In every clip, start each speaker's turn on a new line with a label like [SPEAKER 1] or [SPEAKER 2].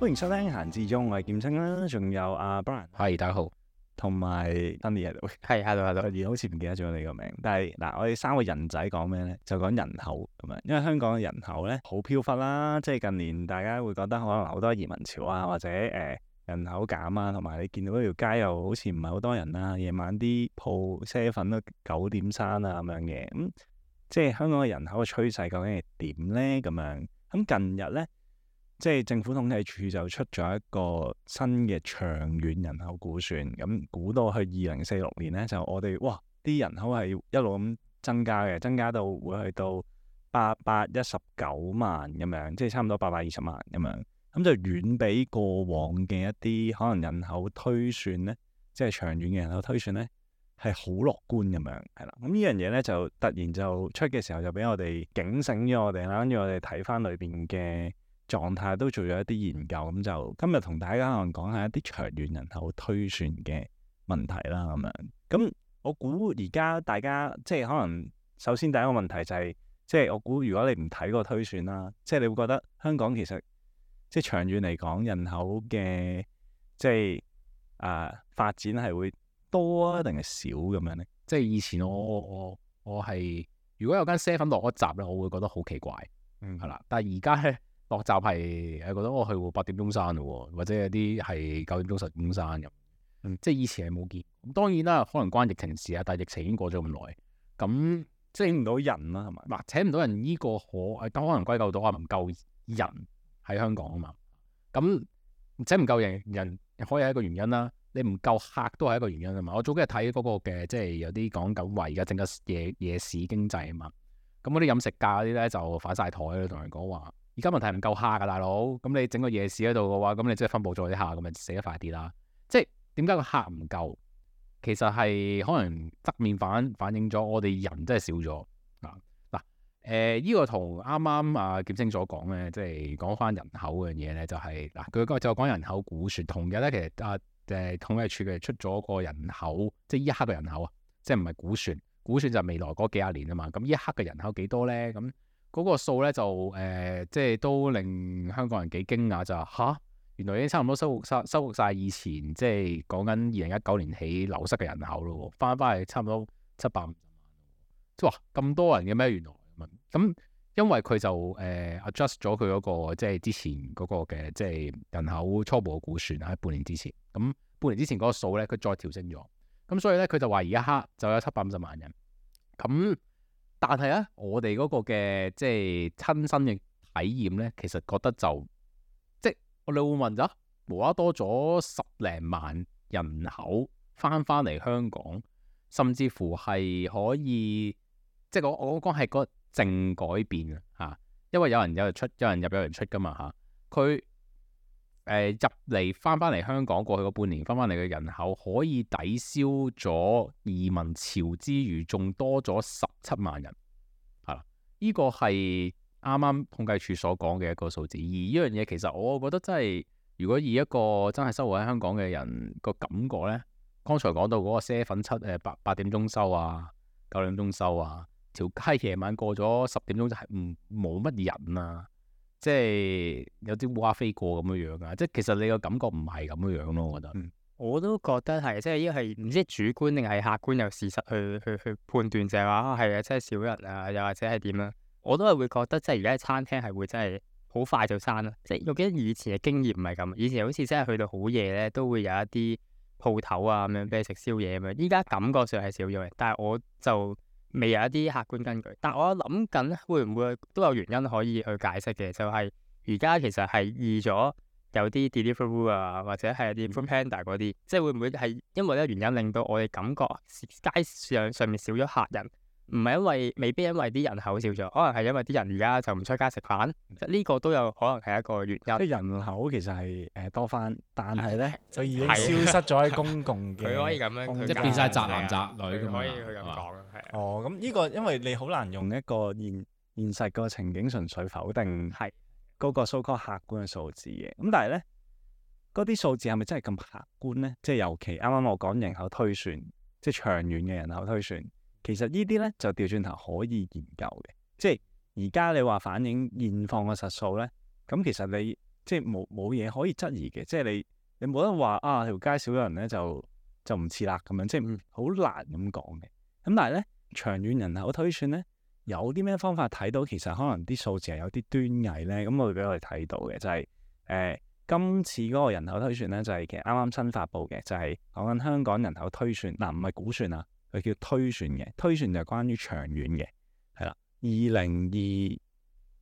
[SPEAKER 1] 歡迎收聽閒置中，我係劍青啦，仲有阿、啊、Brian，係，大家好，同埋 Sunny 喺度，係，喺度喺度，而好似唔記得咗你個名，但係嗱，我哋三個人仔講咩咧？就講人口咁樣，因為香港嘅人口咧好飄忽啦，即係近年大家會覺得可能好多移民潮啊，或者誒、欸、人口減啊，同埋你見到一條街又好似唔係好多人啦、啊，夜晚啲鋪車粉都九點三啊咁樣嘅，咁、嗯、即係香港嘅人口嘅趨勢究竟係點咧？咁樣咁近日咧。即係政府統計處就出咗一個新嘅長遠人口估算，咁估到去二零四六年呢，就我哋哇，啲人口係一路咁增加嘅，增加到會去到八百一十九萬咁樣，即係差唔多八百二十萬咁樣。咁就遠比過往嘅一啲可能人口推算呢，即係長遠嘅人口推算呢，係好樂觀咁樣，係啦。咁呢樣嘢呢，就突然就出嘅時候就俾我哋警醒咗我哋啦，跟住我哋睇翻裏面嘅。狀態都做咗一啲研究，咁就今日同大家可能講下一啲長遠人口推算嘅問題啦。咁樣咁，我估而家大家即係可能首先第一個問題就係，即係我估如果你唔睇個推算啦，即係你會覺得香港其實即係長遠嚟講人口嘅即係啊、呃、
[SPEAKER 2] 發展係會多啊定係少咁樣咧？即係以前我我我係如果有間 seven 落嗰集咧，我會覺得好奇怪，嗯係啦。但係而家咧。落閘係誒覺得我去喎八點鐘散嘅，或者有啲係九點鐘十點鐘散咁、嗯，即係以前係冇見。咁當然啦，可能關疫情事啊，但係疫情已經過咗咁耐，咁 請唔到人啦、啊，係咪？嗱，請唔到人呢個可誒，可能歸咎到啊唔夠人喺香港啊嘛。咁請唔夠人人可以係一個原因啦。你唔夠客都係一個原因啊嘛。我早幾日睇嗰個嘅，即係有啲講緊話而家整個夜夜市經濟啊嘛。咁嗰啲飲食價嗰啲咧就反曬台啦，同人講話。而家問題唔夠客噶大佬，咁你整個夜市喺度嘅話，咁你即係分布咗啲客，咁咪死得快啲啦。即係點解個客唔夠？其實係可能側面反反映咗我哋人真係少咗啊嗱。誒、呃、呢，這個同啱啱阿劍青所講咧，即係講翻人口嘅嘢咧，就係、是、嗱，佢、啊、就講人口估算。同日咧，其實啊誒統計處嘅出咗個人口，即係一刻嘅人口啊，即係唔係估算，估算就未來嗰幾廿年啊嘛。咁一刻嘅人口幾多咧？咁、嗯。嗰個數咧就誒、呃，即係都令香港人幾驚訝，就話、吓、原來已經差唔多收復收復曬以前，即係講緊二零一九年起流失嘅人口咯，翻返嚟差唔多七百五十萬。即係話咁多人嘅咩？原來咁、嗯，因為佢就誒、呃、adjust 咗佢嗰、那個即係之前嗰個嘅即係人口初步嘅估算喺半年之前。咁半年之前嗰個數咧，佢再調整咗。咁所以咧，佢就話而家黑就有七百五十萬人。咁但係咧、啊，我哋嗰個嘅即係親身嘅體驗呢，其實覺得就即我哋會問咗、啊：「無啦多咗十零萬人口翻翻嚟香港，甚至乎係可以，即係我我講係個正改變啊，因為有人有人出，有人入，有人出噶嘛嚇佢。啊誒，入嚟翻返嚟香港過去個半年，翻返嚟嘅人口可以抵消咗移民潮之餘，仲多咗十七萬人，係啦，呢個係啱啱統計處所講嘅一個數字。而呢樣嘢，其實我覺得真係，如果以一個真係生活喺香港嘅人個感覺呢，剛才講到嗰個啡粉七誒八八點鐘收啊，九點鐘收啊，條街夜晚過咗十點鐘就係唔冇乜人啊。即係
[SPEAKER 3] 有啲烏鴉飛過咁樣樣㗎！即係其實你個感覺唔係咁樣樣咯，嗯、我覺得。我都覺得係，即係呢個係唔知主觀定係客觀又事實去、嗯、去去判斷、就係啊，就係話係啊，即係少人啊，又或者係點啊？我都係會覺得，即係而家餐廳係會真係好快就閂啦。即係我記得以前嘅經驗唔係咁，以前好似真係去到好夜咧，都會有一啲鋪頭啊咁樣俾你食宵夜咁樣。依家感覺上係少咗嘅，但係我就，未有一啲客觀根據，但我諗緊會唔會都有原因可以去解釋嘅，就係而家其實係易咗有啲 delivery 啊，或者係啲 Foodpanda 啲，即係會唔會係因為呢個原因令到我哋感覺街上上面少咗客人？唔係因為未必因為啲人口少咗，可能係因為啲人而家就唔出街食飯，其實呢個都有可能係一個原因。
[SPEAKER 1] 即人口其實係誒多翻，但係咧就已經消失咗喺公共嘅。佢可以咁樣佢即係變曬宅男宅女咁可以佢咁講啊，哦，咁呢個因為你好難用一個現現實個情景純粹否定係嗰個 so-called 客觀嘅數字嘅。咁但係咧，嗰啲數字係咪真係咁客觀咧？即係尤其啱啱我講人口推算，即係長遠嘅人口推算。其實呢啲咧就調轉頭可以研究嘅，即係而家你話反映現況嘅實數咧，咁其實你即係冇冇嘢可以質疑嘅，即係你你冇得話啊條街少咗人咧就就唔似啦咁樣，即係好難咁講嘅。咁但係咧長遠人口推算咧，有啲咩方法睇到其實可能啲數字係有啲端倪咧，咁會俾我哋睇到嘅就係誒今次嗰個人口推算咧就係，其實啱啱新發布嘅，就係講緊香港人口推算嗱唔係估算啊。佢叫推算嘅，推算就係關於長遠嘅，係啦。二零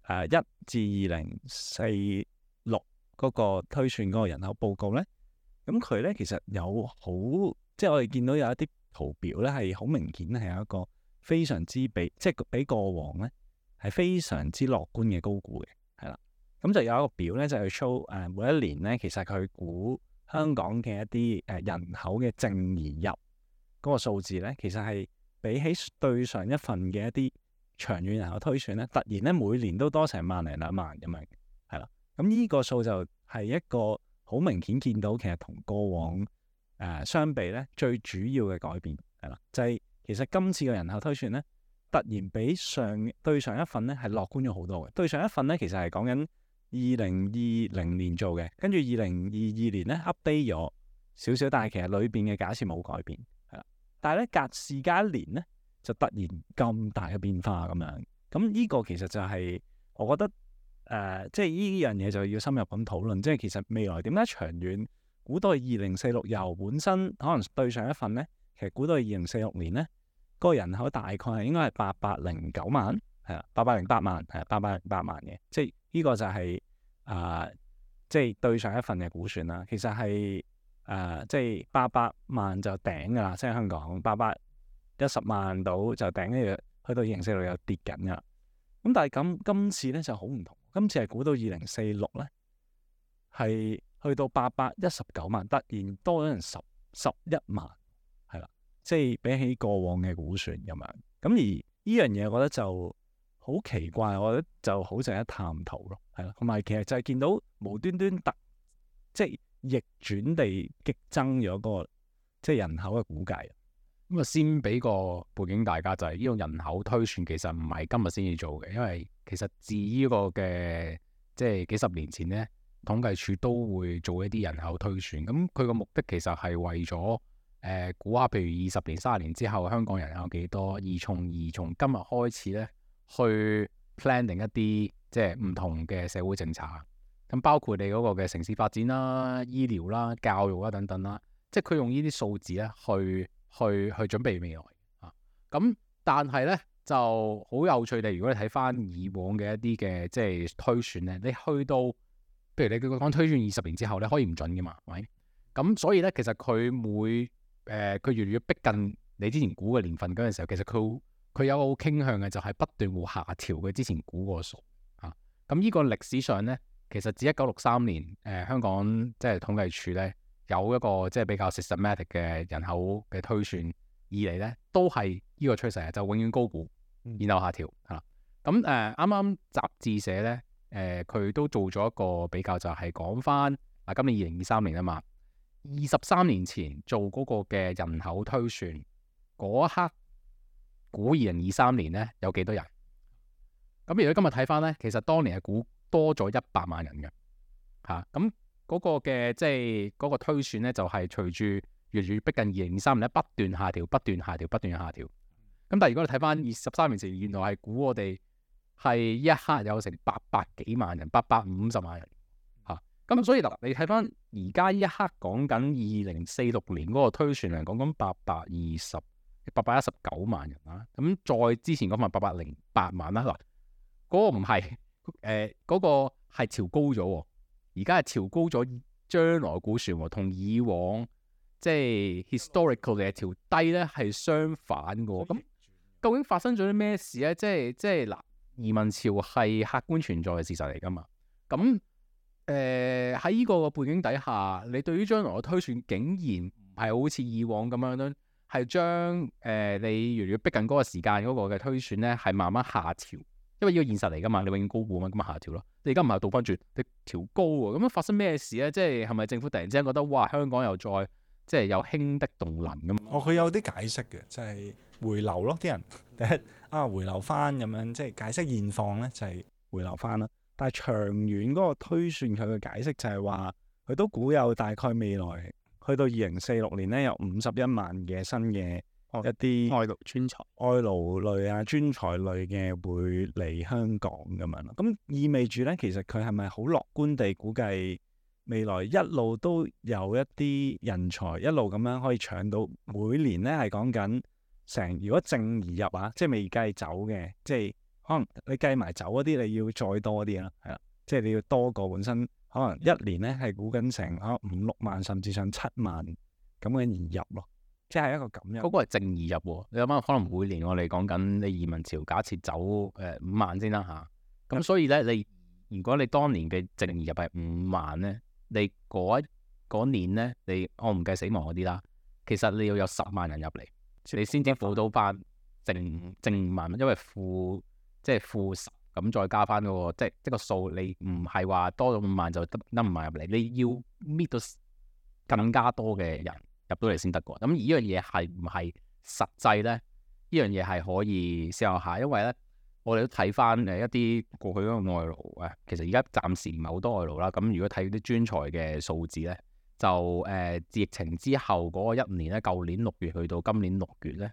[SPEAKER 1] 二誒一至二零四六嗰個推算嗰個人口報告咧，咁佢咧其實有好，即係我哋見到有一啲圖表咧係好明顯係有一個非常之比，即係比過往咧係非常之樂觀嘅高估嘅，係啦。咁就有一個表咧就係、去 show 誒每一年咧，其實佢估香港嘅一啲誒人口嘅淨移入，嗰個數字呢，其實係比起對上一份嘅一啲長遠人口推算呢，突然呢每年都多成萬零兩萬咁樣，係啦。咁、嗯、呢、這個數就係一個好明顯見到，其實同過往誒、呃、相比呢，最主要嘅改變係啦，就係、是、其實今次嘅人口推算呢，突然比上對上一份呢係樂觀咗好多嘅。對上一份呢，其實係講緊二零二零年做嘅，跟住二零二二年呢 update 咗少少，但係其實裏邊嘅假設冇改變。但係咧，隔時間一年咧，就突然咁大嘅變化咁樣。咁呢個其實就係、是、我覺得誒、呃，即係呢樣嘢就要深入咁討論。即係其實未來點解長遠，古代二零四六由本身可能對上一份咧，其實古代二零四六年咧，嗰個人口大概係應該係八百零九萬，係啊，八百零八萬，係八百零八萬嘅。即係呢個就係、是、誒、呃，即係對上一份嘅估算啦。其實係。誒、呃，即係八百萬就頂㗎啦，即係香港八百一十萬到就頂，跟去到二零四六又跌緊㗎。咁但係咁今次咧就好唔同，今次係估到二零四六咧，係去到八百一十九萬，突然多咗人十十一萬，係啦。即係比起過往嘅估算咁樣，咁而呢樣嘢，我覺得就好奇怪，我覺得就好似一探頭探討咯，係啦。同埋其實就係見到無端端突，即係。逆轉地激增咗個
[SPEAKER 2] 即係人口嘅估計，咁啊先俾個背景大家，就係呢種人口推算其實唔係今日先至做嘅，因為其實至呢個嘅即係幾十年前呢統計處都會做一啲人口推算，咁佢個目的其實係為咗誒估下，譬如二十年、三十年之後香港人有幾多，而從而從今日開始呢去 planning 一啲即係唔同嘅社會政策。咁包括你嗰個嘅城市發展啦、醫療啦、教育啦等等啦，即係佢用呢啲數字咧去去去準備未來啊。咁但係咧就好有趣地，如果你睇翻以往嘅一啲嘅即係推算咧，你去到譬如你佢講推算二十年之後咧，你可以唔準噶嘛？係、啊、咁？所以咧，其實佢每誒佢、呃、越嚟越逼近你之前估嘅年份嗰陣時候，其實佢佢有個好傾向嘅，就係、是、不斷會下調佢之前估個數啊。咁、啊、呢、這個歷史上咧。其實自一九六三年，誒、呃、香港即係統計處咧有一個即係比較 systematic 嘅人口嘅推算以呢。二嚟咧都係呢個趨勢，就是、永遠高估，嗯、然後下調嚇。咁誒啱啱雜誌社咧誒佢都做咗一個比較就，就係講翻嗱今年二零二三年啊嘛，二十三年前做嗰個嘅人口推算嗰一刻，估二零二三年咧有幾多人？咁如果今日睇翻咧，其實當年係估。多咗一百萬人嘅，嚇咁嗰個嘅即係嗰、嗰個、推算咧，就係隨住越嚟越逼近二零二三年，咧不斷下調，不斷下調，不斷下調。咁但係如果你睇翻二十三年前，原來係估我哋係一刻有成八百幾萬人，八百五十萬人嚇。咁、啊、所以嗱、啊，你睇翻而家一刻講緊二零四六年嗰個推算嚟講，咁八百二十、八百一十九萬人啦。咁、啊、再之前嗰份八百零八萬啦，嗱、啊、嗰、嗰個唔係。誒，嗰、呃那個係調高咗，而家係調高咗將來估算，同以往即係 historical 嘅調低咧係相反嘅。咁、嗯、究竟發生咗啲咩事咧？即係即係嗱，移民潮係客觀存在嘅事實嚟噶嘛？咁誒喺呢個嘅背景底下，你對於將來嘅推算竟然唔係好似以往咁樣咧，係將誒你越嚟越逼緊嗰個時間嗰個嘅推算咧，係慢慢下調。因為依個現實嚟噶嘛，你永遠高估啊嘛，咁啊下調咯。你而家唔係倒翻轉，你調高喎，咁樣發生咩事咧？即係係咪政府突然之間覺得哇，香港又再即係又輕的動能咁
[SPEAKER 1] 哦，佢有啲解釋嘅，就係、是、回流咯，啲人第一啊回流翻咁樣，即係解釋現況咧就係、是、回流翻啦。但係長遠嗰個推算佢嘅解釋就係話，佢都估有大概未來去到二零四六年咧有五十一萬嘅新嘅。一啲外勞專才、外勞類啊、專才類嘅會嚟香港咁樣咯，咁意味住咧，其實佢係咪好樂觀地估計未來一路都有一啲人才一路咁樣可以搶到？每年咧係講緊成，如果淨移入啊，即係未計走嘅，即係可能你計埋走嗰啲，你要再多啲啦，係啦，即係你要多過本身，可能一年咧係估緊成啊五六萬，甚至上七萬咁樣移
[SPEAKER 2] 入咯、啊。即係一個咁樣，嗰個係淨移入喎。你諗下，可能每年我哋講緊你移民潮，假設走誒五、呃、萬先啦嚇。咁、啊、所以咧，你如果你當年嘅淨移入係五萬咧，你嗰年咧，你我唔計死亡嗰啲啦。其實你要有十萬人入嚟，超你先至負到翻淨淨五萬，因為負即係負十咁再加翻嗰、那個，即係即係個數，你唔係話多咗五萬就得得五萬入嚟，你要搣到更加多嘅人。嗯嗯入到嚟先得㗎，咁而呢樣嘢係唔係實際呢？呢樣嘢係可以試下，因為呢，我哋都睇翻誒一啲過去嗰個外勞啊，其實而家暫時唔係好多外勞啦。咁如果睇啲專才嘅數字呢，就誒、呃、疫情之後嗰一年咧，舊年六月去到今年六月呢，誒、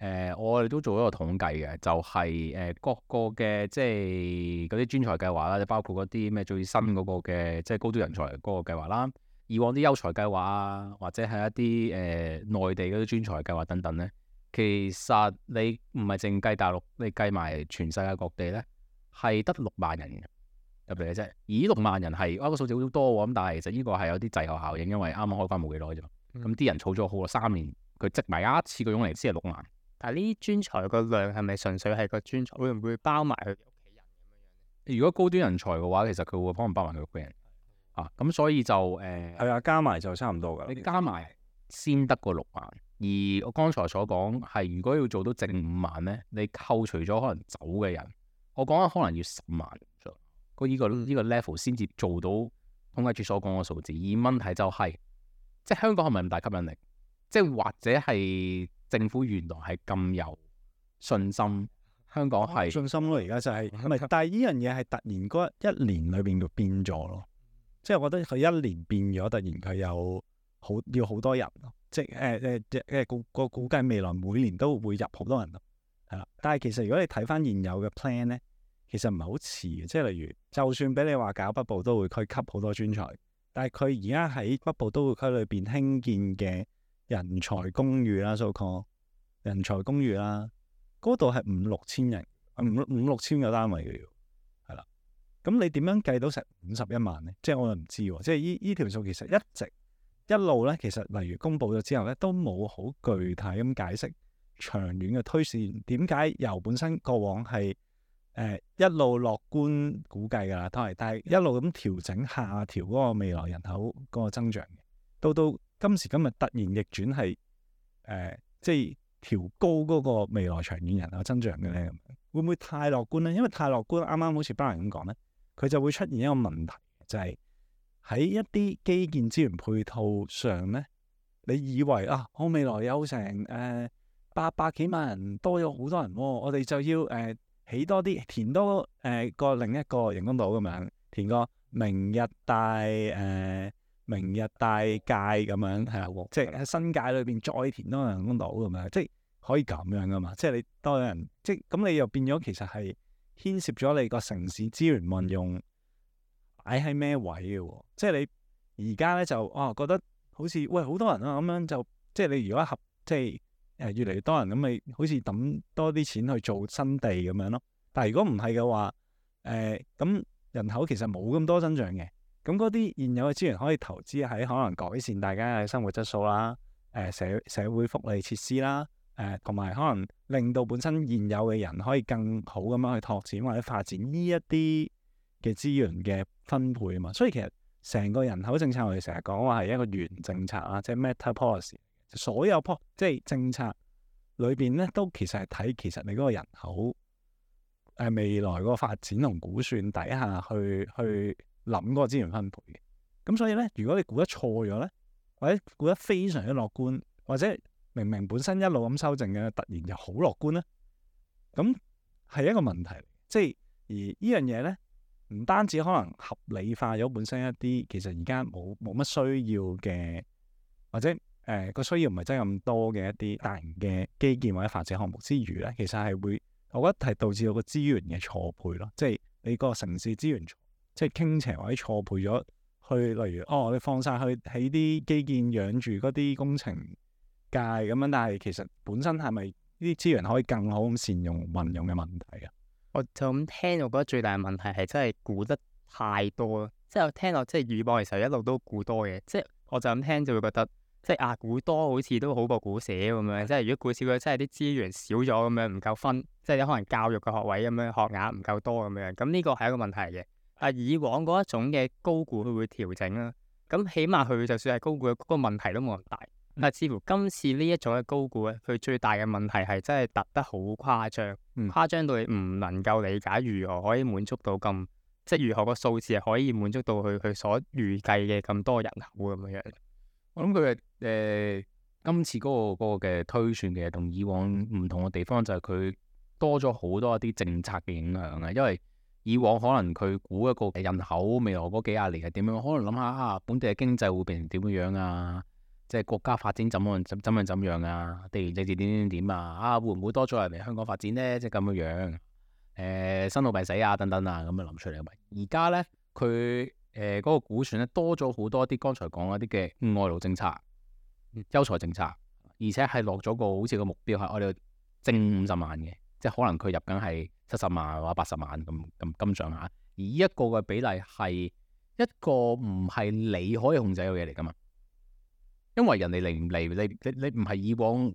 [SPEAKER 2] 呃、我哋都做一個統計嘅，就係、是、誒各個嘅即係嗰啲專才計劃啦，包括嗰啲咩最新嗰個嘅即係高端人才嗰個計劃啦。以往啲優才計劃啊，或者係一啲誒內地嗰啲專才計劃等等咧，其實你唔係淨計大陸，你計埋全世界各地咧，係得六萬人入嚟嘅啫。咦，六萬人係哇個數字好多喎，咁但係其實呢個係有啲滯後效應，因為啱啱開關冇幾耐啫。咁啲人儲咗好耐三年，佢積埋一次嗰種嚟先係六萬。但係呢專才個量係咪純粹係個專才？會唔會包埋佢屋企人咁樣咧？如果高端人才嘅話，其實佢會可能包埋佢屋企人。咁、啊、所以就誒，係、呃、啊，加埋就差唔多㗎啦。你加埋先得個六萬，而我剛才所講係，如果要做到淨五萬咧，你扣除咗可能走嘅人，我講緊可能要十萬呢、這個依、這個 level 先至做到統計處所講嘅數字。而問題就係、是，即係香港係咪咁大吸引力？即係或者係政府原來係咁有信心？香港係、啊、信心咯，而家就係唔係？ 但係呢樣嘢係突然嗰一年裏邊變咗咯。
[SPEAKER 1] 即係我覺得佢一年變咗，突然佢有好要好多人，即係誒誒誒，估估估計未來每年都會入好多人，係啦。但係其實如果你睇翻現有嘅 plan 咧，其實唔係好遲嘅。即係例如，就算俾你話搞北部都會區吸好多專才，但係佢而家喺北部都會區裏邊興建嘅人才公寓啦、so-called 人才公寓啦，嗰度係五六千人，五五六千個單位嘅。咁你點樣計到成五十一萬咧？即係我又唔知喎、啊。即係呢呢條數其實一直一路咧，其實例如公佈咗之後咧，都冇好具體咁解釋長遠嘅推算點解由本身過往係誒、呃、一,一路樂觀估計㗎啦，都係，但係一路咁調整下調嗰個未來人口嗰個增長嘅，到到今時今日突然逆轉係誒，即係調高嗰個未來長遠人口增長嘅咧，會唔會太樂觀咧？因為太樂觀剛剛剛，啱啱好似 Brian 咁講咧。佢就會出現一個問題，就係、是、喺一啲基建資源配套上咧，你以為啊，我未來有成誒八百幾萬人多咗好多人、哦，我哋就要誒起、呃、多啲填多誒個、呃、另一個人工島咁樣，填個明日大誒、呃、明日大界咁樣係啊，哦、即係喺新界裏邊再填多個人工島咁樣，即係可以咁樣噶嘛，即係你多有人，即係咁你又變咗其實係。牽涉咗你個城市資源運用擺喺咩位嘅喎？即係你而家咧就啊、哦、覺得好似喂好多人啦、啊、咁樣就即係你如果合即係誒、呃、越嚟越多人咁咪好似揼多啲錢去做新地咁樣咯。但係如果唔係嘅話，誒、呃、咁人口其實冇咁多增長嘅，咁嗰啲現有嘅資源可以投資喺可能改善大家嘅生活質素啦，誒、呃、社社會福利設施啦。誒、同埋可能令到本身現有嘅人可以更好咁樣去拓展或者發展呢一啲嘅資源嘅分配啊嘛，所以其實成個人口政策我哋成日講話係一個元政策啊，即係 meta policy，所有即係政策裏邊咧都其實係睇，其實你嗰個人口誒未來個發展同估算底下去去諗嗰個資源分配嘅，咁所以咧如果你估得錯咗咧，或者估得非常之樂觀，或者～明明本身一路咁修正嘅，突然就好樂觀啦，咁係一個問題，即係而呢樣嘢咧，唔單止可能合理化咗本身一啲其實而家冇冇乜需要嘅，或者誒個、呃、需要唔係真係咁多嘅一啲大型嘅基建或者發展項目之餘咧，其實係會，我覺得係導致到個資源嘅錯配咯，即係你個城市資源即係傾斜或者錯配咗去，例如哦你放晒去喺啲基建養住嗰啲工程。界咁樣，但係其實本身係咪呢啲資源可以更好咁善用，運用嘅問題
[SPEAKER 3] 啊？我就咁聽，我覺得最大嘅問題係真係估得太多咯。即係我聽落，即係以往其實一路都估多嘅，即係我就咁聽就會覺得即係壓估多，好似都好過估少咁樣。即係如果估少咗，即係啲資源少咗咁樣，唔夠分，即係可能教育嘅學位咁樣，學額唔夠多咁樣。咁呢個係一個問題嚟嘅。但以往嗰一種嘅高估會調整啦。咁起碼佢就算係高估，嗰個問題都冇咁大。嗱，似乎今次一組呢一種嘅高估咧，佢最大嘅問題係真係突得好誇張，誇張、嗯、到你唔能夠理解如何可以滿足到咁，即係如何個數字係可以滿足到佢佢所預計嘅咁多人口咁樣樣。
[SPEAKER 2] 我諗佢誒今次嗰、嗰個嘅、嗰個、推算嘅同以往唔同嘅地方就係佢多咗好多一啲政策嘅影響啊。因為以往可能佢估一個人口未來嗰幾廿年係點樣，可能諗下啊本地嘅經濟會變成點樣樣啊。即係國家發展怎樣怎怎樣怎樣啊？地緣政治點點點啊？啊會唔會多咗人嚟香港發展呢？即係咁樣樣。誒、呃，生老病死啊，等等啊，咁樣諗出嚟啊。而家呢，佢誒嗰個估算咧多咗好多啲剛才講嗰啲嘅外勞政策、優才政策，而且係落咗個好似個目標係我哋掙五十萬嘅，即係可能佢入緊係七十萬或八十萬咁咁咁上下。而一個嘅比例係一個唔係你可以控制嘅嘢嚟噶嘛？因為人哋嚟唔嚟，你你你唔係以往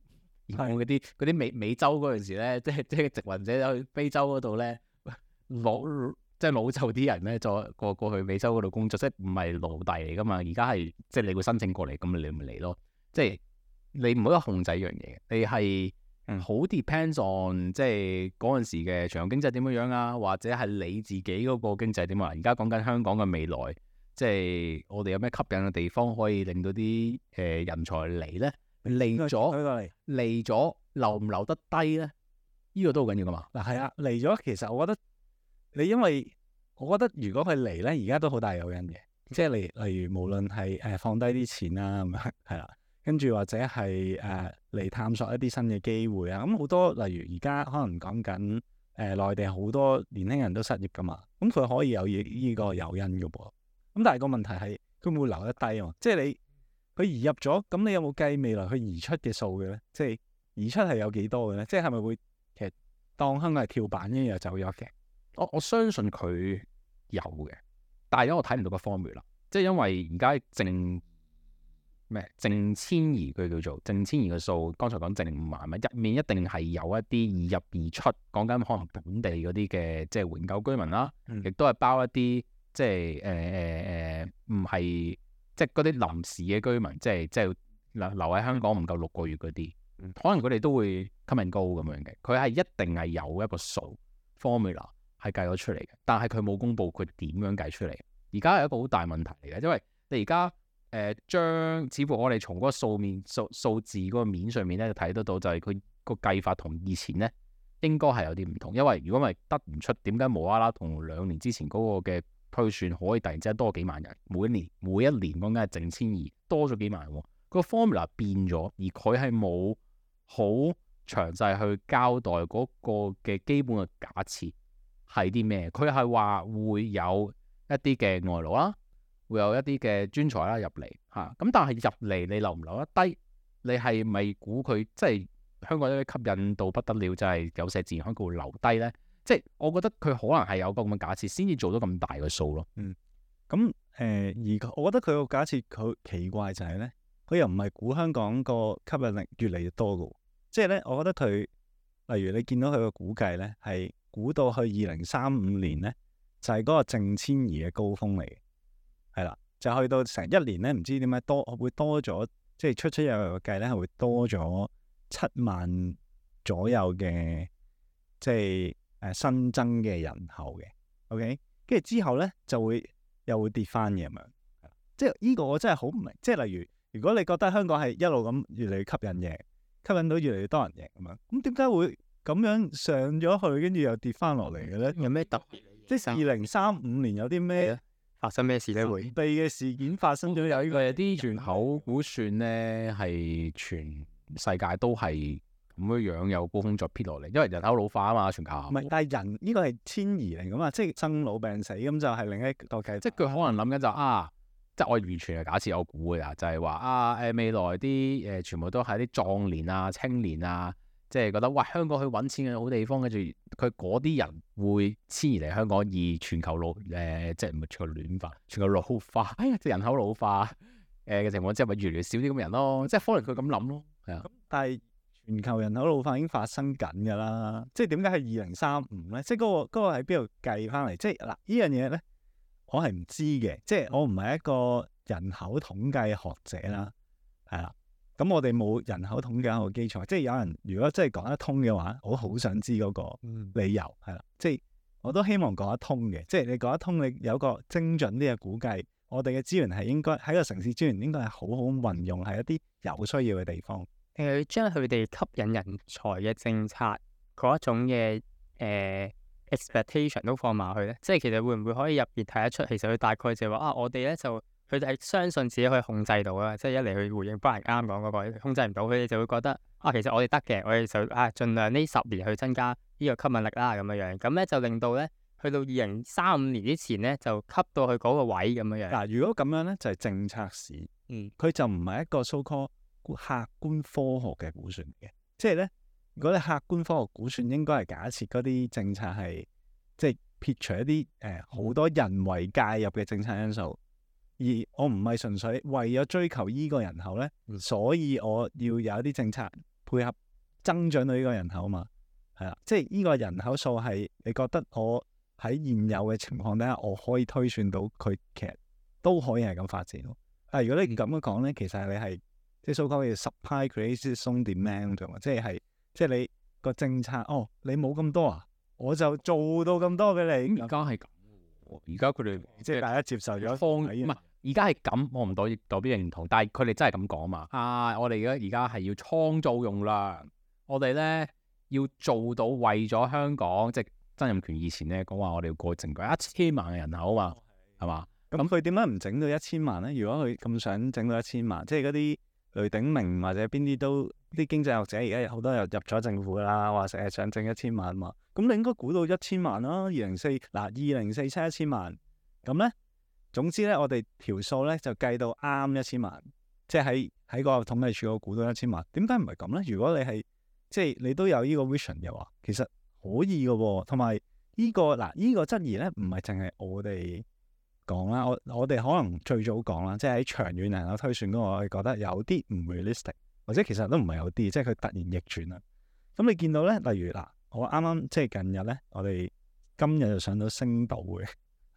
[SPEAKER 2] 以往嗰啲嗰啲美美洲嗰陣時咧，即係即係殖民者去非洲嗰度咧，攞即係攞走啲人咧，再過過去美洲嗰度工作，即係唔係奴隸嚟噶嘛？而家係即係你會申請過嚟，咁你咪嚟咯。即係你唔可以控制一樣嘢，你係好 depends on 即係嗰陣時嘅全球經濟點樣樣啊，或者係你自己嗰個經濟點啊。而家講緊香港嘅未來。即係我哋有咩吸引嘅地方可以令到啲誒人才嚟咧？嚟咗嚟咗留唔留得低咧？呢、呢個都好緊要噶嘛？嗱，係啊，
[SPEAKER 1] 嚟咗、啊、其實我覺得你因為我覺得如果佢嚟咧，而家都好大誘因嘅，即係例例如無論係誒放低啲錢啊咁樣，係啦、啊，跟住或者係誒嚟探索一啲新嘅機會啊，咁、嗯、好多例如而家可能講緊誒內地好多年輕人都失業噶嘛，咁、嗯、佢可以有呢個誘因噶喎。咁但係個問題係佢會唔會留得低啊？即係你佢移入咗，咁你有冇計未來佢移出嘅數嘅咧？即係移出係有幾多嘅咧？即係係咪會其實當香港係跳板一
[SPEAKER 2] 樣又走咗嘅？我我相信佢有嘅，但係因為我睇唔到個方面啦。即係因為而家淨咩淨遷移佢叫做淨遷移嘅數，剛才講淨五萬咪，入面一定係有一啲移入移出，講緊可能本地嗰啲嘅即係永久居民啦，亦、嗯、都係包一啲。即係誒誒誒，唔、呃、係、呃、即係嗰啲臨時嘅居民，即係即係留留喺香港唔夠六個月嗰啲，嗯、可能佢哋都會 come and go 咁樣嘅。佢係一定係有一個數 formula 係計咗出嚟嘅，但係佢冇公佈佢點樣計出嚟。而家係一個好大問題嚟嘅，因為你而家誒將似乎我哋從嗰個數面數數字嗰個面上面咧就睇得到，就係佢個計法同以前咧應該係有啲唔同。因為如果咪得唔出，點解無啦啦同兩年之前嗰個嘅？推算可以突然之間多幾萬人，每一年每一年講緊係淨千二，多咗幾萬人。個 formula 變咗，而佢係冇好詳細去交代嗰個嘅基本嘅假設係啲咩。佢係話會有一啲嘅外勞啦、啊，會有一啲嘅專才啦入嚟吓。咁、啊、但係入嚟你留唔留得低？你係咪估佢即係香港都吸引到不得了，就係、是、有成自然喺度留低呢。即係我覺得佢可能係有個咁嘅假設，先至做到咁大嘅數咯、嗯。嗯，咁誒，
[SPEAKER 1] 而我覺得佢個假設佢好奇怪就係咧，佢又唔係估香港個吸引力越嚟越多噶。即係咧，我覺得佢，例如你見到佢個估計咧，係估到去二零三五年咧，就係、是、嗰個淨遷移嘅高峰嚟嘅。係啦，就去到成一年咧，唔知點解多會多咗，即係出出入入計咧，係會多咗七萬左右嘅，即係。誒新增嘅人口嘅，OK，跟住之後咧就會又會跌翻嘅咁樣，即係呢個我真係好唔明。即係例如，如果你覺得香港係一路咁越嚟越吸引嘅，吸引到越嚟越多人嘅，咁樣，咁點解會咁樣上咗去，跟住又跌翻落嚟嘅咧？有咩特別？即係二零三五年有啲咩發生咩事咧？回
[SPEAKER 2] 避嘅事件發生咗，有呢個有啲人口估算咧，係全世界都係。咁嘅樣又高峰再撇落嚟，因為人口老化啊嘛，全球唔係，但係人呢、這個係遷移嚟噶嘛，即係生老病死，咁就係另一個計。即係佢可能諗緊就是、啊，即係我完全係假設我估㗎、就是、啊，就係話啊誒未來啲誒、呃、全部都係啲壯年啊、青年啊，即係覺得喂香港去揾錢嘅好地方跟住佢嗰啲人會遷移嚟香港，而全球老誒、呃，即係唔係全球暖化、全球老化誒、哎、人口老化誒嘅情況之下，咪、呃、越嚟越少啲咁嘅人咯，即係可能佢咁諗咯，係啊，但係。全球人口老化已經發生緊噶啦，即係點解係二零三五
[SPEAKER 1] 咧？即係嗰個嗰個喺邊度計翻嚟？即係嗱，呢樣嘢咧，我係唔知嘅，即係我唔係一個人口統計學者啦，係啦、嗯，咁我哋冇人口統計嘅基礎。即係有人如果真係講得通嘅話，我好想知嗰個理由係啦、嗯。即係我都希望講得通嘅，即係你講得通，你有個精準啲嘅估計，我哋嘅資源係應該喺個城市資源應該係好好運用喺一啲有需要嘅地方。
[SPEAKER 3] 誒，將佢哋吸引人才嘅政策嗰一種嘅誒、呃、expectation 都放埋去咧，即係其實會唔會可以入邊睇得出，其實佢大概就話啊，我哋咧就佢就係相信自己可以控制到啦，即係一嚟去回應翻人啱講嗰個控制唔到，佢哋就會覺得啊，其實我哋得嘅，我哋就啊盡量呢十年去增加呢個吸引力啦，咁樣樣，咁咧就令到咧去到二零三五年之前咧就吸到去嗰個位咁樣樣。嗱，
[SPEAKER 1] 如果咁樣咧就係政策市，嗯，佢就唔係一個 so call。客觀科學嘅估算嘅，即係咧，如果你客觀科學估算，應該係假設嗰啲政策係，即係撇除一啲誒好多人為介入嘅政策因素，而我唔係純粹為咗追求呢個人口咧，所以我要有一啲政策配合增長到呢個人口嘛，係啦，即係呢個人口數係你覺得我喺現有嘅情況底下，我可以推算到佢其實都可以係咁發展咯。但係，如果你咁樣講咧，嗯、其實你係。即係蘇購嘅 supply create some demand 即係係即係你個政策，哦，你冇咁多啊，我就
[SPEAKER 2] 做到咁多畀你。而家係咁，而家佢哋即係大家接受咗。唔係創，而家係咁，我唔代表認同，但係佢哋真係咁講嘛。啊，我哋而家而家係要創造容量，我哋咧要做到為咗香港，即係曾蔭權以前咧講話，我哋要過成個一千萬嘅人口嘛，係嘛的？咁佢點解唔
[SPEAKER 1] 整到一千萬咧？如果佢咁想整到一千萬，即係嗰啲。雷鼎明或者邊啲都啲經濟學者而家有好多人入入咗政府啦，話成日想掙一千萬嘛，咁你應該估到一千萬啦、啊，二零四嗱二零四七一千萬，咁咧總之咧我哋條數咧就計到啱一千萬，即係喺喺個統計處度估到一千萬。點解唔係咁咧？如果你係即係你都有呢個 vision 嘅話，其實可以嘅喎、哦。同埋、這個啊這個、呢個嗱呢個質疑咧，唔係淨係我哋。講啦，我我哋可能最早講啦，即係喺長遠嚟講推算嗰個，我哋覺得有啲唔 realistic，或者其實都唔係有啲，即係佢突然逆轉啦。咁你見到咧，例如嗱，我啱啱即係近日咧，我哋今日就上到星島嘅，係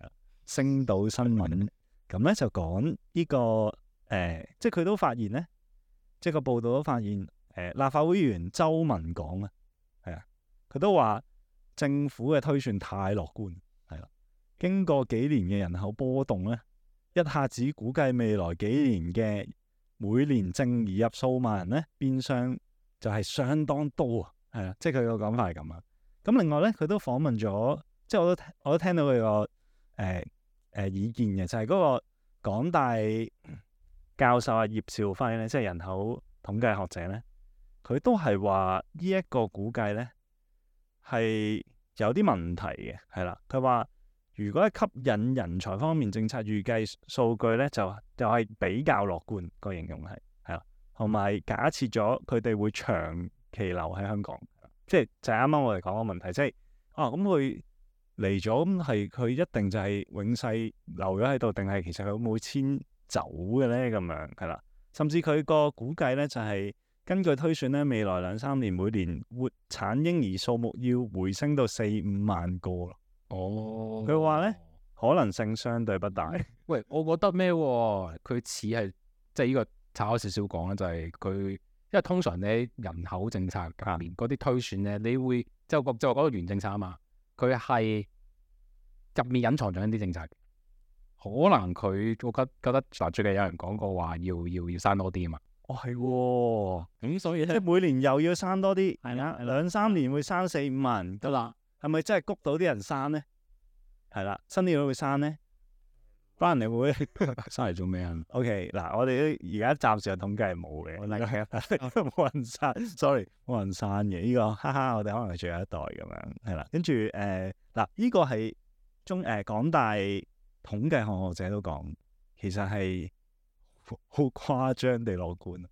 [SPEAKER 1] 啦，星島新聞咁咧 就講呢、這個誒、呃，即係佢都發現咧，即係個報道都發現，誒、呃、立法會議員周文港啊，係啊，佢都話政府嘅推算太樂觀。經過幾年嘅人口波動咧，一下子估計未來幾年嘅每年淨移入數萬人咧，變相就係相當多啊，係啦，即係佢個講法係咁啊。咁另外咧，佢都訪問咗，即係我都我都聽到佢個誒誒意見嘅，就係、是、嗰個港大教授啊葉兆輝咧，即係人口統計學者咧，佢都係話呢一個估計咧係有啲問題嘅，係啦，佢話。如果係吸引人才方面政策預計數據咧，就就係比較樂觀，個形容係，係啦。同埋假設咗佢哋會長期留喺香港，即係就係啱啱我哋講個問題，即係啊咁佢嚟咗，咁係佢一定就係永世留咗喺度，定係其實佢會唔會遷走嘅咧，咁樣係啦。甚至佢個估計咧就係根據推算咧，未來兩三年每年活產嬰兒數目要回升到四五
[SPEAKER 2] 萬個。哦，佢話咧可能性相對不大。喂，我覺得咩？佢似係即係、這、呢個差咗少少講咧，就係、是、佢，因為通常你人口政策入面嗰啲推算咧，的你會即我就個就嗰個原政策啊嘛，佢係入面隱藏咗一啲政策。可能佢，我覺覺得嗱，最近有人講過話要要要生多啲啊嘛。哦，係，咁所
[SPEAKER 1] 以即係每年又要生多啲，係啦，兩三年會生四五萬，得啦。係咪真係谷到啲人生咧？係啦，新啲嘢會唔家會生咧？翻嚟會生嚟做咩啊？OK，嗱，我哋都而家暫時嘅統計係冇嘅，我冇 人生，sorry，冇人生嘅。呢、這個哈哈，我哋可能係最後一代咁樣，係啦。跟住誒，嗱、呃、呢、這個係中誒、呃、港大統計學學者都講，其實係好誇張地樂觀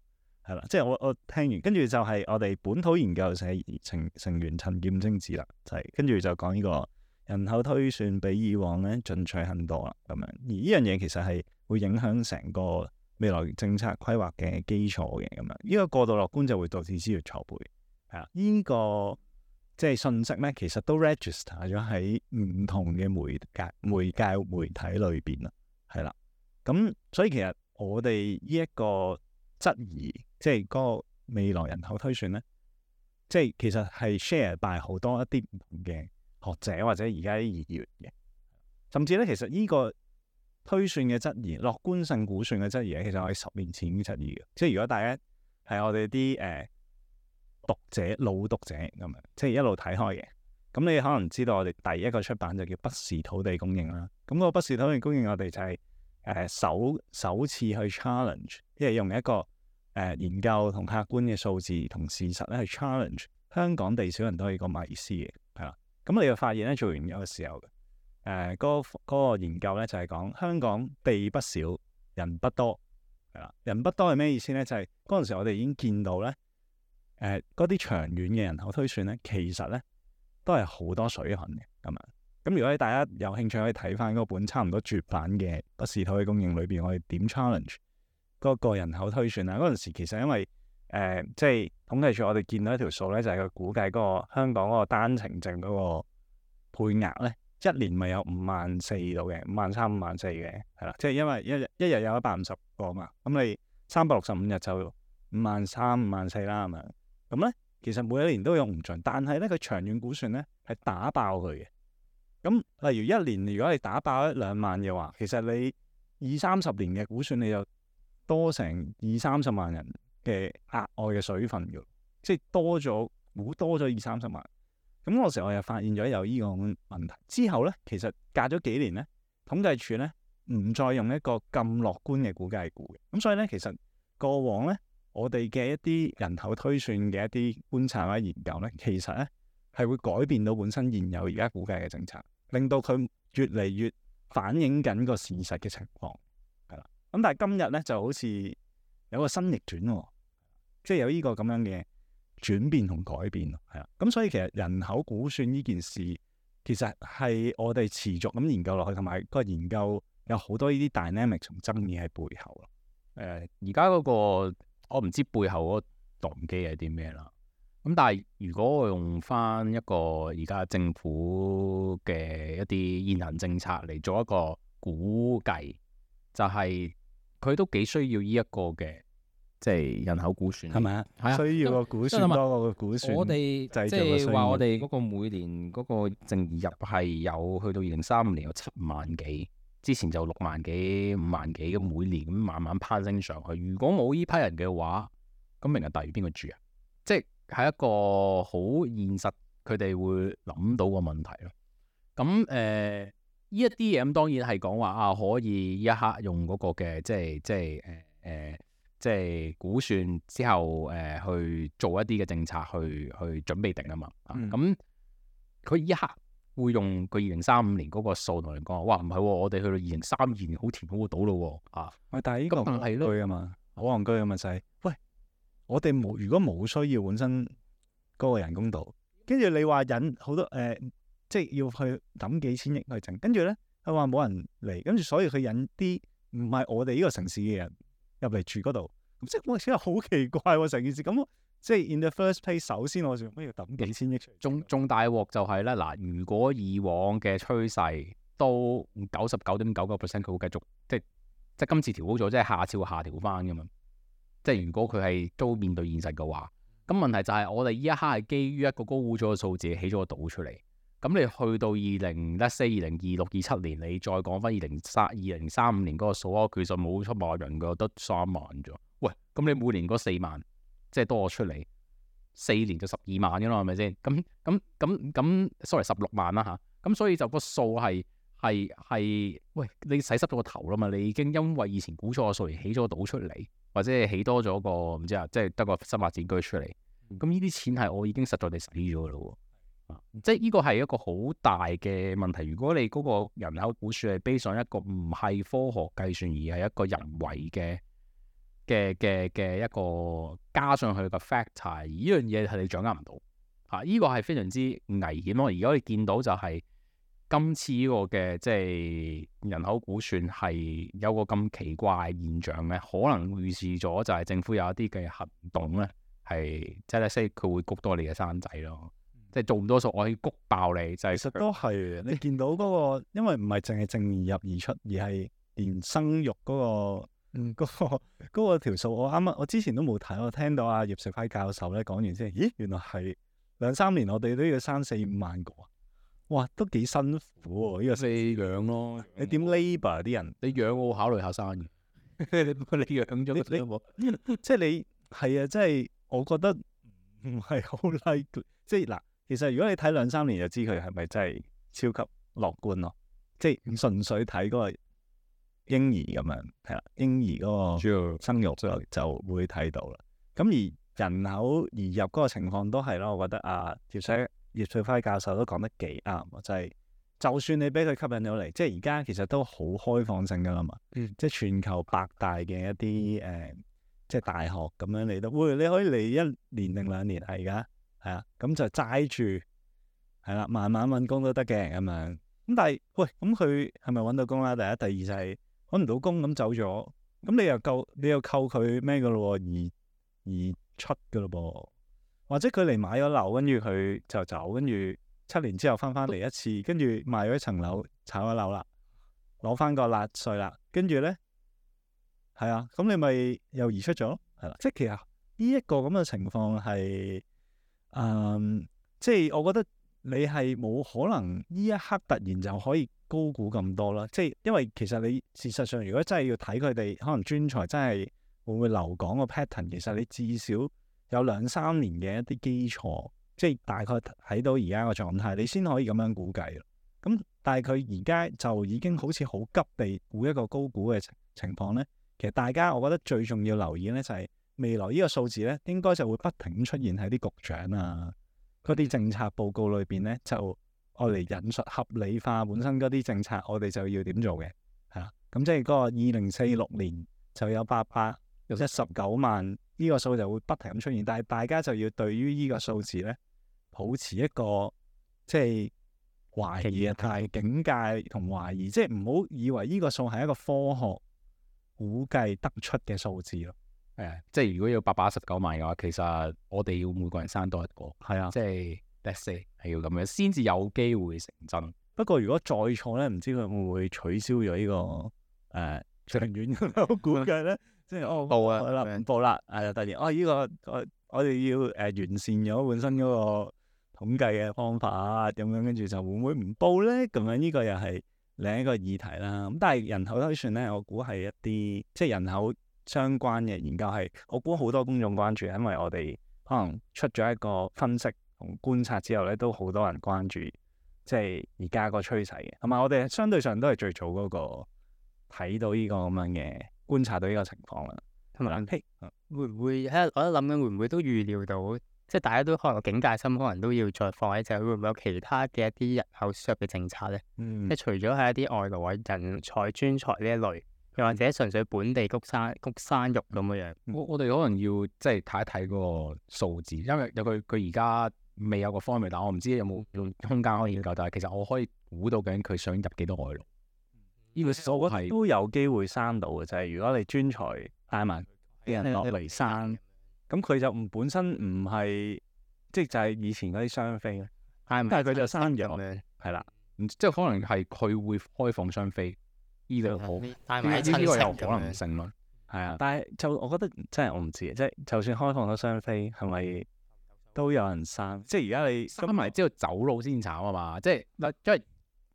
[SPEAKER 1] 係啦、 嗯，即係我我聽完，跟住就係我哋本土研究社成成員陳劍青啦，就係跟住就講呢、這個人口推算比以往咧進取很多啦，咁樣而呢樣嘢其實係會影響成個未來政策規劃嘅基礎嘅咁樣，呢個過度樂觀就會導致資源錯配，係啦，呢、這個即係信息咧其實都 register 咗喺唔同嘅媒介媒介媒體裏邊啦，係啦，咁所以其實我哋呢一個質疑。即係嗰個未來人口推算咧，即係其實係 share by 好多一啲唔同嘅學者或者而家啲議員嘅，甚至咧其實呢個推算嘅質疑、樂觀性估算嘅質疑，其實我喺十年前已經質疑嘅。即係如果大家係我哋啲誒讀者、老讀者咁樣，即係一路睇開嘅，咁你可能知道我哋第一個出版就叫《不是土地供應》啦。咁個《不是土地供應》呃，我哋就係誒首首次去 challenge，即係用一個。誒、呃、研究同客觀嘅數字同事實咧，係 challenge 香港地少人都係個迷思嘅，係啦。咁你會發現咧，做完有嘅時候，誒、呃、嗰、那個那個研究咧就係、是、講香港地不少，人不多，係啦。人不多係咩意思咧？就係嗰陣時我哋已經見到咧，誒嗰啲長遠嘅人口推算咧，其實咧都係好多水份嘅咁啊。咁如果大家有興趣可以睇翻嗰本差唔多絕版嘅《不是土地供應》裏邊，我哋點 challenge？嗰個人口推算啊，嗰陣時其實因為誒、呃，即係統計處，我哋見到一條數咧，就係佢估計嗰個香港嗰個單程證嗰個配額咧，一年咪有五萬四到嘅，五萬三五萬四嘅，係啦，即係因為一一日有一百五十個啊嘛，咁你三百六十五日就五萬三五萬四啦咁樣，咁咧其實每一年都用唔盡，但係咧佢長遠估算咧係打爆佢嘅。咁例如一年如果你打爆一兩萬嘅話，其實你二三十年嘅估算你就～多成二三十萬人嘅額外嘅水分㗎，即係多咗估多咗二三十萬。咁嗰時我又發現咗有呢個問題。之後咧，其實隔咗幾年咧，統計處咧唔再用一個咁樂觀嘅估計估嘅。咁所以咧，其實過往咧，我哋嘅一啲人口推算嘅一啲觀察或者研究咧，其實咧係會改變到本身現有而家估計嘅政策，令到佢越嚟越反映緊個事實嘅情況。咁但係今日咧就好似有個新逆轉喎，即係有呢個咁樣嘅轉變同改變咯，係啊。咁所以其實人口估算呢件事，其實係我哋持續咁研究落去，同埋個研究有好多呢啲 dynamic 同
[SPEAKER 2] 爭議喺背後咯。誒、呃，而家嗰個我唔知背後嗰動機係啲咩啦。咁但係如果我用翻一個而家政府嘅一啲現行政策嚟做一個估計，就係、係。佢都幾需要呢一個嘅，即係人口估算，係咪啊？係啊。需要個估算多個估算，我哋即係話我哋嗰個每年嗰個淨移入係有去到二零三五年有七萬幾，之前就六萬幾五萬幾，咁每年咁慢慢攀升上去。如果冇呢批人嘅話，咁明日大嶼邊個住啊？即係一個好現實，佢哋會諗到個問題咯。咁誒。呃呢一啲嘢咁當然係講話啊，可以一刻用嗰個嘅即係即係誒誒，即係、呃、估算之後誒、呃、去做一啲嘅政策去去準備定啊嘛。咁佢、嗯啊、一刻會用佢二零三五年嗰個數同你講，哇唔係喎，我哋去到二零三五年甜好填好、啊啊、個島咯喎
[SPEAKER 1] 啊、就是！喂，但係呢個戇居啊嘛，戇居啊嘛就係，喂我哋冇如果冇需要本身嗰個人工島，跟住你話引好多誒。呃即係要去抌幾千億去整，跟住咧，佢話冇人嚟，跟住所以佢引啲唔係我哋呢個城市嘅人入嚟住嗰度，即係我覺得好奇怪喎，啊、成件事。咁、嗯、
[SPEAKER 2] 即係 in the first place，首先我做咩要抌幾千億出嚟？仲仲大鑊就係咧嗱，如果以往嘅趨勢都九十九點九九 percent，佢會繼續即係即係今次調好咗，即係下次會下調翻嘅嘛。即係如果佢係都面對現實嘅話，咁問題就係我哋依一刻係基於一個高估咗嘅數字起咗個島出嚟。咁你去到二零一四、二零二六、二七年，你再講翻二零三、二零三五年嗰個數啊，佢就冇出萬人嘅，得三萬啫。喂，咁你每年嗰四萬，即係多咗出嚟，四年就十二萬嘅啦，係咪先？咁咁咁咁，sorry，十六萬啦吓，咁所以就個數係係係，喂，你洗濕咗個頭啦嘛？你已經因為以前估錯個數而起咗個島出嚟，或者係起多咗個唔知啊，即係得個新發展區出嚟。咁呢啲錢係我已經實在地洗咗嘅咯喎。即係呢個係一個好大嘅問題。如果你嗰個人口估算係 base 上一個唔係科學計算，而係一個人為嘅嘅嘅嘅一個加上去嘅 factor，呢樣嘢係你掌握唔到啊！呢個係非常之危險咯。而家你見到就係今次呢個嘅即係人口估算係有個咁奇怪現象嘅，可能預示咗就係政府有一啲嘅行動咧，係即係即係佢會谷多你嘅生仔咯。即係做唔多數，我可以谷爆你。就其實都係你
[SPEAKER 1] 見到嗰、那個，因為唔係淨係正而入而出，而係連生育嗰、那個，嗯，嗰、那個嗰、那個條數。我啱啱我之前都冇睇，我聽到阿、啊、葉石輝教授咧講完先。咦，原來係兩三年我哋都要三四五萬個啊！哇，都幾辛苦喎、啊。依、這個四養咯，你點 labor 啲、啊、人？你養我，我考慮下生嘅。 你養咗 你，你，即係你係啊！即係我覺得唔係好 like，即係嗱。其實如果你睇兩三年就知佢係咪真係超級樂觀咯，即係純粹睇嗰個嬰兒咁樣係啦，嬰兒嗰個生育主要就就會睇到啦。咁而人口移入嗰個情況都係咯，我覺得啊，葉翠葉翠花教授都講得幾啱啊，就係就算你俾佢吸引咗嚟，即係而家其實都好開放性噶啦嘛，嗯、即係全球八大嘅一啲誒、呃，即係大學咁樣嚟到，喂，你可以嚟一年定兩年係噶。係啊，咁就齋住係啦，慢慢搵工都得嘅咁樣。咁但係喂，咁佢係咪搵到工啦？第一、第二就係搵唔到工咁走咗。咁你又夠，你又扣佢咩噶咯？而而出噶咯噃？或者佢嚟買咗樓，跟住佢就走，跟住七年之後翻翻嚟一次，跟住賣咗一層樓，炒咗樓啦，攞翻個辣稅啦，跟住咧係啊，咁你咪又移出咗係啦？即係其實呢一個咁嘅情況係。誒，um, 即係我覺得你係冇可能呢一刻突然就可以高估咁多啦。即係因為其實你事實上如果真係要睇佢哋可能專才真係會唔會留港個 pattern，其實你至少有兩三年嘅一啲基礎，即係大概睇到而家個狀態，你先可以咁樣估計啦。咁但係佢而家就已經好似好急地估一個高估嘅情情況咧。其實大家我覺得最重要留意咧就係、是。未來呢個數字咧，應該就會不停出現喺啲局長啊，嗰啲政策報告裏邊咧，就愛嚟引述合理化本身嗰啲政策，我哋就要點做嘅。係，咁即係嗰個二零四六年就有八八，有八百一十九萬呢個數就會不停咁出現，但係大家就要對於呢個數字咧，保持一個即係懷疑啊，但係警戒同懷疑，即係唔好以為呢個數係一個科學估計得出嘅數字咯。
[SPEAKER 2] 係即係如果要八百一十九萬嘅話，其實我哋要每個人生多一個，係啊，即係 let’s say 係要咁樣，先至有機會成真。
[SPEAKER 1] 不過如果再錯咧，唔知佢會唔會取消咗呢、這個誒、呃、長遠。我估計咧，即係報啊，係啦，唔報啦。係突然哦，呢個我我哋要誒完善咗本身嗰個統計嘅方法，咁樣跟住就會唔會唔報咧？咁樣呢、這個又係另一個議題啦。咁但係人口推算咧，我估係一啲即係人口。相關嘅研究係，我估好多公眾關注，因為我哋可能出咗一個分析同觀察之後咧，都好多人關注，即係而家個趨勢嘅。同埋我哋相對上都係最早嗰個睇到呢個咁樣嘅
[SPEAKER 3] 觀察到呢個情況啦。同埋咧，會唔會喺我喺諗緊會唔會都預料到，即係大家都可能警戒心，可能都要再放一隻。會唔會有其他嘅一啲人口輸入嘅政策咧？嗯、即係除咗係一啲外勞、人才、專才呢一類。又或者純粹本地谷山谷山肉咁嘅樣，我我哋可能要即係睇一睇嗰個數
[SPEAKER 2] 字，因為有佢佢而家未有個方案，但係我唔知有冇用空間可以研究。但係其實我可以估到緊佢想入幾多外勞。呢個我覺得都有機會生到嘅，就
[SPEAKER 1] 係如果你專才帶埋啲人落嚟生，咁佢就唔本身唔
[SPEAKER 2] 係即係就係以前嗰啲雙飛，但係佢就生咗嘅，係啦，即係可能係佢會開放雙飛。呢度好，但呢啲呢個有可能性
[SPEAKER 1] 咯，係、嗯、啊，但係就我覺得真係我唔知，即、就、係、是、就算開放咗雙非，係咪都
[SPEAKER 2] 有人生？即係而家你生埋之後走佬先慘啊嘛！即係嗱，因為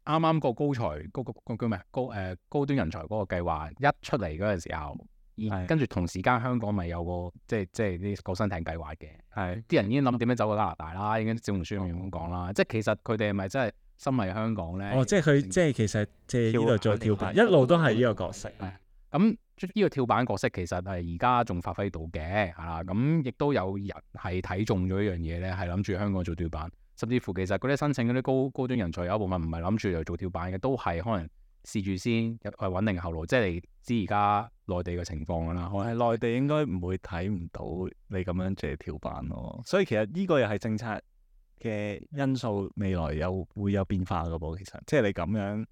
[SPEAKER 2] 啱啱個高才、高高叫咩高誒高端人才嗰個計劃一出嚟嗰陣時候，是跟住同時間香港咪有個即係即係啲救生艇計劃嘅，係啲是人已經諗點樣走過加拿大啦，已經政務書面咁講啦。即係、嗯、其實佢哋係咪真係？深嚟香港咧，哦，即係
[SPEAKER 1] 佢，即係其實借呢個跳板 做跳板，一路都係呢
[SPEAKER 2] 個角色、嗯。咁呢、嗯嗯、個跳板角色其實係而家仲發揮到嘅，啊，咁、嗯、亦都有人係睇中咗一樣嘢咧，係諗住香港做跳板，甚至乎其實嗰啲申請嗰啲高高端人才有一部分唔係諗住又做跳板嘅，都係可能試住先入，係穩定後路，即、就、係、是、你知而家內地嘅情況噶啦。喺內、嗯嗯、地應該唔會睇唔到你咁樣借跳板咯。
[SPEAKER 1] 所以其實呢個又係政策嘅因素未來有會有變化嘅噃，其實即係你咁樣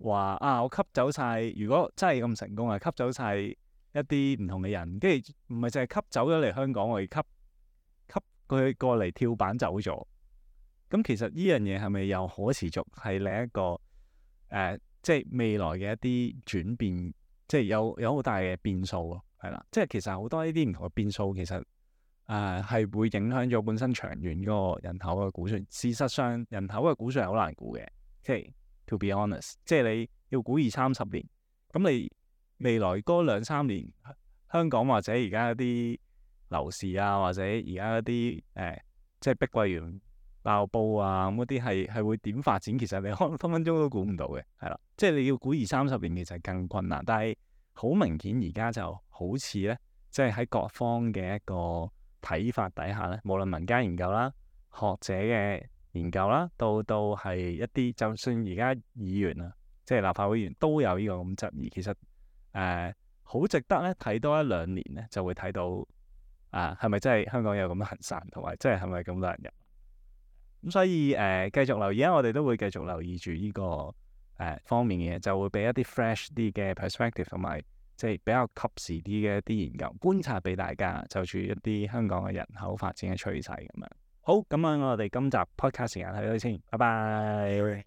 [SPEAKER 1] 話啊，我吸走晒，如果真係咁成功啊，吸走晒一啲唔同嘅人，跟住唔係淨係吸走咗嚟香港，我哋吸吸佢過嚟跳板走咗。咁其實呢樣嘢係咪又可持續？係另一個誒、呃，即係未來嘅一啲轉變，即係有有好大嘅變數咯，係啦。即係其實好多呢啲唔同嘅變數，其實。誒，係、uh, 會影響咗本身長遠嗰個人口嘅估算。事實上，人口嘅估算係好難估嘅，即、okay, 係 to be honest，即係你要估二三十年，咁你未來嗰兩三年，香港或者而家一啲樓市啊，或者而家一啲誒、呃，即係碧桂園爆煲啊，咁嗰啲係係會點發展？其實你可能分分鐘都估唔到嘅，係啦，即係你要估二三十年，其實更困難。但係好明顯，而家就好似咧，即係喺各方嘅一個。睇法底下咧，無論民間研究啦、學者嘅研究啦，到到係一啲，就算而家議員啊，即係立法會議員都有呢個咁質疑。其實誒好、呃、值得咧睇多一兩年咧，就會睇到啊係咪真係香港有咁嘅人散，同埋即係係咪咁多人入？咁所以誒、呃、繼續留意啊，我哋都會繼續留意住呢、這個誒、呃、方面嘅嘢，就會俾一啲 fresh 啲嘅 perspective 同埋，即係比較及時啲嘅一啲研究觀察俾大家，就住一啲香港嘅人口發展嘅趨勢咁樣。好，咁樣我哋今集 podcast 時間睇到先，拜拜。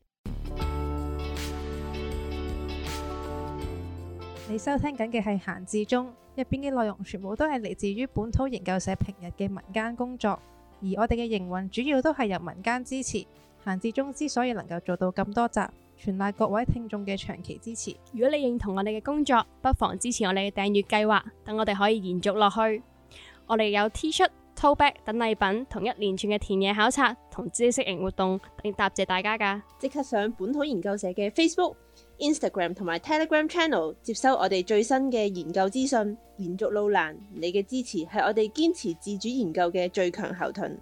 [SPEAKER 3] 你收聽緊嘅係閒置中，入邊嘅內容全部都係嚟自於本土研究社平日嘅民間工作，而我哋嘅營運主要都係由民間支持。閒置中之所以能夠做到咁多集，全賴各位聽眾嘅長期支持，如果你認同我哋嘅工作，不妨支持我哋嘅訂閱計劃，等我哋可以延續落去。我哋有 T 恤、Tote Bag 等禮品，同一連串嘅田野考察同知識型活動，亦答謝大家噶。即刻上本土研究社嘅 Facebook、Instagram 同埋 Telegram Channel，接收我哋最新嘅研究資訊。延續路難，你嘅支持係我哋堅持自主研究嘅最強後盾。